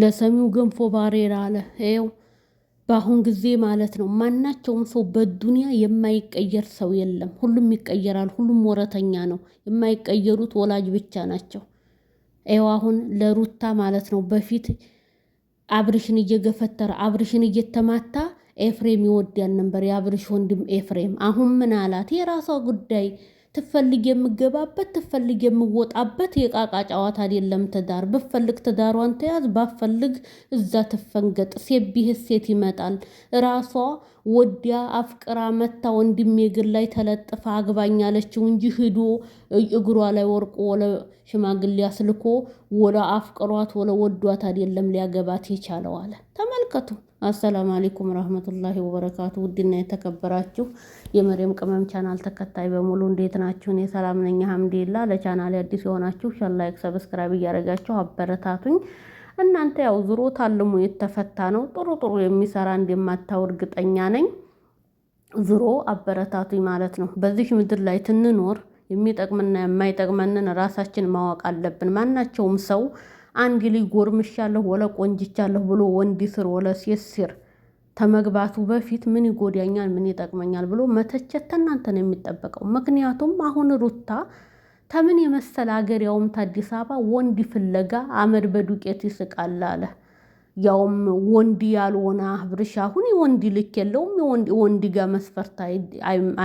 ለሰሚው ገንፎ ባሬራ አለ። ይኸው በአሁን ጊዜ ማለት ነው ማናቸውም ሰው በዱንያ የማይቀየር ሰው የለም። ሁሉም ይቀየራል። ሁሉም ወረተኛ ነው። የማይቀየሩት ወላጅ ብቻ ናቸው። ይኸው አሁን ለሩታ ማለት ነው በፊት አብርሽን እየገፈተረ አብርሽን እየተማታ ኤፍሬም ይወዳል ነበር የአብርሽ ወንድም ኤፍሬም። አሁን ምን አላት? የራሷ ጉዳይ ትፈልግ የምገባበት ትፈልግ የምወጣበት የቃቃ ጨዋታ አይደለም ትዳር። ብፈልግ ትዳሯን ተያዝ፣ ባፈልግ እዛ ትፈንገጥ። ሴት ቢህ ሴት ይመጣል። ራሷ ወዲያ አፍቅራ መታ ወንድሜ እግር ላይ ተለጥፋ አግባኝ አለችው እንጂ ሂዶ እግሯ ላይ ወርቆ ሽማግሌ አስልኮ ወለ አፍቅሯት ወለ ወዷት አይደለም ሊያገባት የቻለው አለ። ተመልከቱ። አሰላሙ አሌይኩም ረህመቱላሂ ወበረካቱ። ውድና የተከበራችሁ የመሪም ቅመም ቻናል ተከታይ በሙሉ እንዴት ናችሁ? እኔ ሰላም ነኝ ሀምዴላ። ለቻናል አዲስ የሆናችሁ ሸላይክ ሰብስክራይብ እያደረጋችሁ አበረታቱኝ። እናንተ ያው ዙሮ ታልሞ የተፈታ ነው። ጥሩ ጥሩ የሚሰራ እንደማታው እርግጠኛ ነኝ። ዙሮ አበረታቱኝ ማለት ነው። በዚህ ምድር ላይ ትንኖር የሚጠቅምና የማይጠቅመንን ራሳችን ማወቅ አለብን። ማናቸውም ሰው አንድ ልጅ ጎርምሻለሁ ወለ ቆንጅቻለሁ ብሎ ወንድ ስር ወለ ሴት ስር ከመግባቱ በፊት ምን ይጎዳኛል፣ ምን ይጠቅመኛል ብሎ መተቸት ከእናንተ ነው የሚጠበቀው። ምክንያቱም አሁን ሩታ ተምን የመሰለ ሀገር ያውም ታዲስ አበባ ወንድ ፍለጋ አመድ በዱቄት ይስቃል አለ። ያውም ወንድ ያልሆነ አብርሽ አሁን የወንድ ልክ የለውም። የወንድ ጋር መስፈርት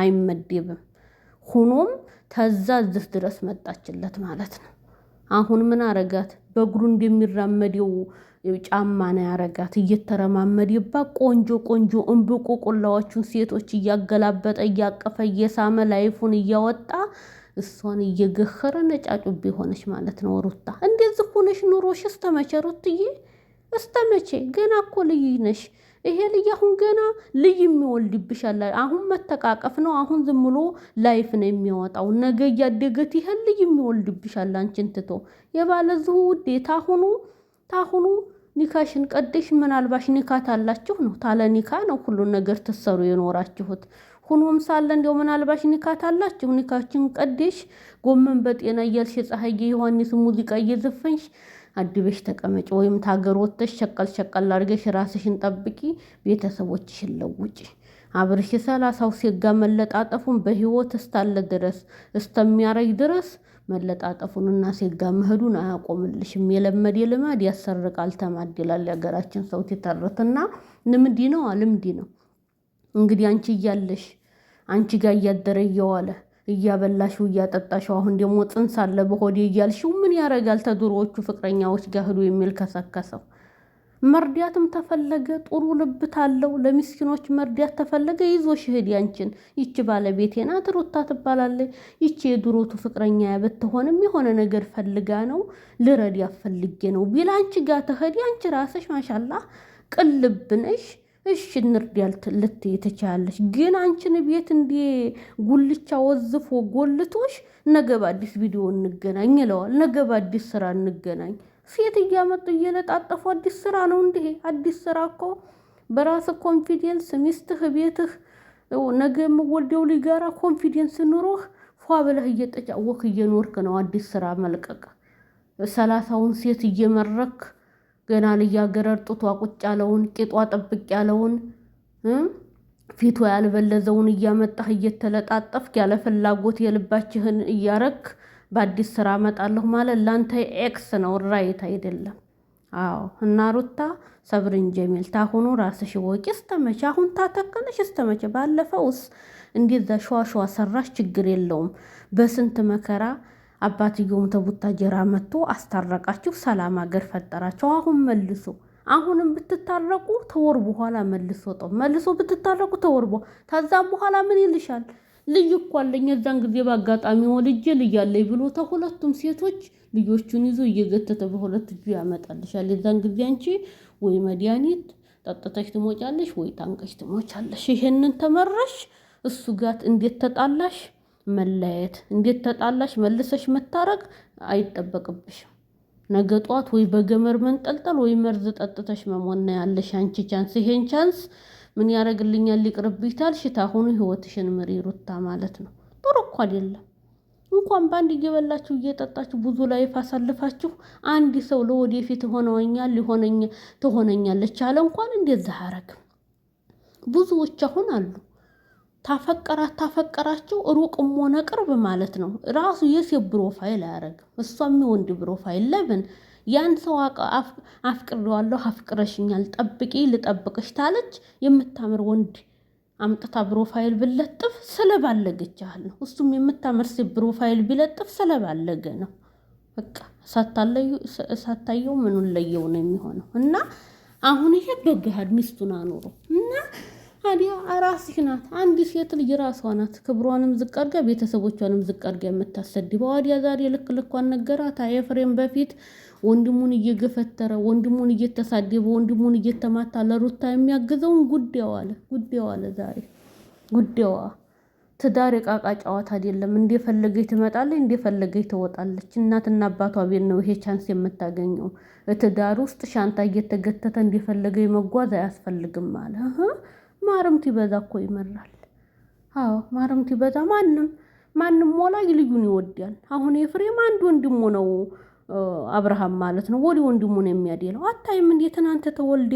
አይመደብም። ሆኖም ከዛ እዚህ ድረስ መጣችለት ማለት ነው። አሁን ምን አረጋት? በእግሩ እንደሚራመደው ጫማ ነው ያረጋት። እየተረማመደባት ቆንጆ ቆንጆ እምብቁ ቁላዎቹን ሴቶች እያገላበጠ እያቀፈ እየሳመ ላይፉን እያወጣ እሷን እየገኸረ ነጫጩ ሆነች ማለት ነው። ሩታ እንደዚህ ሆነሽ ኑሮሽ እስተመቼ? ሩትዬ እስተመቼ? ገና እኮ ልዩ ነሽ። ይሄ ልጅ አሁን ገና ልጅ የሚወልድብሻል። አሁን መተቃቀፍ ነው። አሁን ዝም ብሎ ላይፍ ነው የሚያወጣው። ነገ እያደገት ይሄ ልጅ የሚወልድብሻል። አንቺን ትቶ የባለዚሁ ውዴ ታሁኑ ታሁኑ ኒካሽን ቀደሽ ምናልባሽ ኒካ ታላችሁ ነው። ታለ ኒካ ነው ሁሉን ነገር ትሰሩ የኖራችሁት። ሁኖም ሳለ እንዲያው ምናልባሽ ኒካ ታላችሁ። ኒካችን ቀደሽ ጎመን በጤና እያልሽ የፀሐይ የዮሐንስ ሙዚቃ እየዘፈንሽ አድበሽ ተቀመጭ ወይም ታገር ወጥተሽ ሸቀል ሸቀል አድርገሽ ራስሽን ጠብቂ፣ ቤተሰቦችሽን ለውጪ። አብርሽ ሰላሳው ሴት መለጣጠፉን በህይወት እስታለ ድረስ እስተሚያረጅ ድረስ መለጣጠፉንና ሴጋ ጋር መሄዱን አያቆምልሽም። የለመድ የልማድ ያሰርቃል ተማድላል ይላል የሀገራችን ሰው ተረትና ልምዲ ነው አልምዲ ነው። እንግዲህ አንቺ እያለሽ አንቺ ጋር እያደረ እየዋለ እያበላሽው እያጠጣሽው አሁን ደግሞ ጽንስ አለ በሆዴ እያልሽው ምን ያረጋል? ተድሮዎቹ ፍቅረኛዎች ጋር ሂዶ የሚል ከሰከሰው። መርዳትም ተፈለገ ጥሩ ልብት አለው ለሚስኪኖች መርዳት ተፈለገ ይዞ ሽህድ ያንችን ይቺ ባለቤቴ ናት ሩታ ትባላለች። ይቺ የድሮቱ ፍቅረኛ ብትሆንም የሆነ ነገር ፈልጋ ነው ልረድ ያፈልጌ ነው ቢል ጋር ተህድ አንቺ ራስሽ ማሻላ ቅልብነሽ እሺ እንርድ ያልት ልት የተቻለች ግን አንቺን ቤት እንዴ ጉልቻ ወዝፎ ጎልቶሽ ነገ በአዲስ ቪዲዮ እንገናኝ ይለዋል። ነገ በአዲስ ስራ እንገናኝ። ሴት እያመጡ እየለጣጠፉ አዲስ ስራ ነው እንዲህ አዲስ ስራ እኮ በራስ ኮንፊደንስ ሚስትህ ቤትህ ነገ የምወልደው ልጅ ጋራ ኮንፊደንስ ኑሮህ ፏ ብለህ እየተጫወትክ እየኖርክ ነው አዲስ ስራ መልቀቅ ሰላሳውን ሴት እየመረክ ገና ልያገረር ጡቷ ቁጭ ያለውን ቂጧ ጥብቅ ያለውን ፊቷ ያልበለዘውን እያመጣህ እየተለጣጠፍክ ያለ ፍላጎት የልባችህን እያረክ በአዲስ ስራ እመጣለሁ ማለት ለአንተ ኤክስ ነው፣ ራይት አይደለም። አዎ እና ሩታ ሰብርን ጀሚል ታሁኑ ራስሽ ወቂ እስተመቼ አሁን ታተቀነሽ እስተመቼ? ባለፈውስ እንደዛ ሸዋሸዋ ሰራሽ ችግር የለውም በስንት መከራ አባትየውም ተቡታጀራ መጥቶ አስታረቃችሁ፣ ሰላም አገር ፈጠራችሁ። አሁን መልሶ አሁንም ብትታረቁ ተወር በኋላ መልሶ ጠብ መልሶ ብትታረቁ ተወር በኋላ ከዛም በኋላ ምን ይልሻል? ልዩ እኮ አለኝ። እዛን ጊዜ በአጋጣሚ ወልጄ ልጅ አለኝ ብሎ ተሁለቱም ሴቶች ልጆቹን ይዞ እየገተተ በሁለት እጁ ያመጣልሻል። የዛን ጊዜ አንቺ ወይ መድኃኒት ጠጥተሽ ትሞጫለሽ፣ ወይ ታንቀሽ ትሞቻለሽ። ይሄንን ተመረሽ እሱ ጋት እንዴት ተጣላሽ መለያየት እንዴት ተጣላሽ መልሰሽ መታረቅ አይጠበቅብሽም። ነገ ጠዋት ወይ በገመር መንጠልጠል ወይ መርዝ ጠጥተሽ መሞና ያለሽ አንቺ ቻንስ። ይሄን ቻንስ ምን ያደርግልኛል ይቅርብኝ ሽታ ታሁኑ ህይወትሽን ምሪ ሩታ ማለት ነው። ጥሩ እኮ አይደለም። እንኳን በአንድ እየበላችሁ እየጠጣችሁ ብዙ ላይፍ አሳልፋችሁ አንድ ሰው ለወደፊት ሆነኛል ሊሆነኛ ትሆነኛለች አለ እንኳን እንደዛ አረግም ብዙዎች አሁን አሉ ታፈቀራት ታፈቀራቸው ሩቅም ሆነ ቅርብ ማለት ነው። ራሱ የሴት ብሮፋይል አያደርግም እሷም የወንድ ብሮፋይል ለምን ያን ሰው አፍቅሬዋለሁ አፍቅረሽኛል ጠብቂ ልጠብቅሽ ታለች የምታምር ወንድ አምጥታ ብሮፋይል ብለጥፍ ስለባለገች ያህል ነው። እሱም የምታምር ሴት ብሮፋይል ቢለጥፍ ስለባለገ ነው። በቃ ሳታየው ምኑን ለየው ነው የሚሆነው። እና አሁን ይሄ በገሃድ ሚስቱን አኖረው እና አዲያ ራስሽ ናት። አንድ ሴት ልጅ ራሷ ናት። ክብሯንም ዝቅ አድርጋ ቤተሰቦቿንም ዝቅ አድርጋ የምታሰድበው አዲያ ዛሬ ልክ ልኳን ነገራት። ኤፍሬም በፊት ወንድሙን እየገፈተረ ወንድሙን እየተሳደበ ወንድሙን እየተማታ ለሩታ የሚያግዘውን ጉዳዩ አለ ጉዳዩ አለ ዛሬ ጉዳዩዋ ትዳር የቃቃ ጨዋታ አይደለም። እንደፈለገች ትመጣለች፣ እንደፈለገች ትወጣለች። እናትና አባቷ ቤት ነው ይሄ ቻንስ የምታገኘው። ትዳር ውስጥ ሻንጣ እየተገተተ እንደፈለገ መጓዝ አያስፈልግም አለ ማርም ቲበዛ እኮ ይመራል። አዎ ማርም ቲበዛ ማንም ማንም ወላጅ ልጁን ይወዳል። አሁን ኤፍሬም አንድ ወንድሙ ነው አብርሃም ማለት ነው ወዲ ወንድሙ ነው የሚያደለው። አታይም እንዴ ትናንት ተወልዳ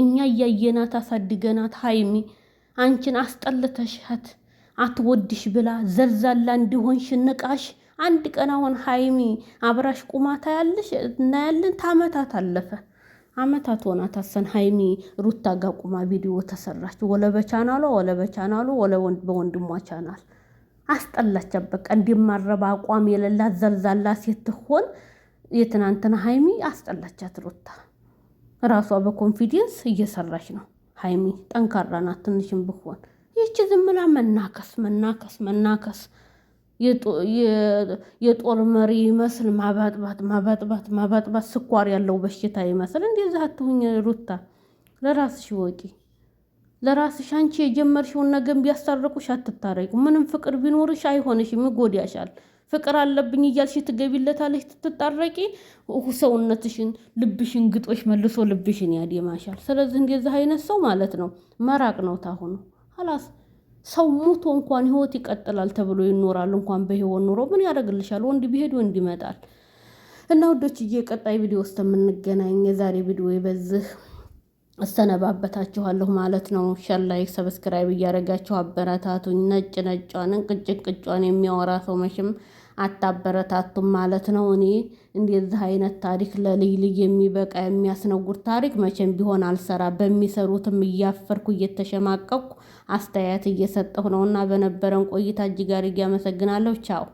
እኛ እያየናት አሳድገናት፣ ሀይሚ አንቺን አስጠለተሽት አትወድሽ ብላ ዘልዛላ እንዲሆንሽ ንቃሽ። አንድ ቀን አሁን ሀይሚ አብራሽ ቁማታ ያለሽ እናያለን። ታመታት አለፈ። አመታት ሆናት አሰን ሀይሚ ሩታ ጋ ቁማ ቪዲዮ ተሰራች። ወለ በቻናሏ ወለ በቻናሉ ወለ በወንድሟ ቻናል አስጠላቻት። በቃ እንዲማረባ አቋም የሌላት ዘልዛላ ሴት ትሆን የትናንትና ሀይሚ አስጠላቻት። ሩታ ራሷ በኮንፊደንስ እየሰራች ነው። ሀይሚ ጠንካራ ናት። ትንሽም ብሆን ይቺ ዝምላ መናከስ መናከስ መናከስ የጦር መሪ ይመስል ማባጥባት ማባጥባት ማባጥባት ስኳር ያለው በሽታ ይመስል እንደዛ አትሁኝ ሩታ። ለራስሽ ወቂ። ለራስሽ አንቺ የጀመርሽውን ነገም ቢያስታርቁሽ አትታረቂ። ምንም ፍቅር ቢኖርሽ አይሆንሽም፣ ጎዳሻል ፍቅር አለብኝ እያልሽ ትገቢለታለሽ፣ ትታረቂ፣ ሰውነትሽን፣ ልብሽን ግጦሽ መልሶ ልብሽን ያደማሻል። ስለዚህ እንደዚህ አይነት ሰው ማለት ነው መራቅ ነው ታሁኑ ሀላስ ሰው ሙቶ እንኳን ህይወት ይቀጥላል ተብሎ ይኖራል። እንኳን በህይወት ኑሮ ምን ያደርግልሻል? ወንድ ቢሄድ ወንድ ይመጣል። እና ውዶችዬ ቀጣይ ቪዲዮ ውስጥ የምንገናኝ የዛሬ ቪዲዮ በዚህ እሰነባበታችኋለሁ ማለት ነው። ሸር ላይክ፣ ሰብስክራይብ እያደረጋችሁ አበረታቱኝ። ነጭ ነጯን እንቅጭ የሚያወራ ሰው መቼም አታበረታቱም ማለት ነው። እኔ እንደዚህ አይነት ታሪክ ለልይ ልይ የሚበቃ የሚያስነጉር ታሪክ መቼም ቢሆን አልሰራ በሚሰሩትም እያፈርኩ እየተሸማቀቅኩ አስተያየት እየሰጠሁ ነውና በነበረን ቆይታ እጅግ አድርጌ አመሰግናለሁ። ቻው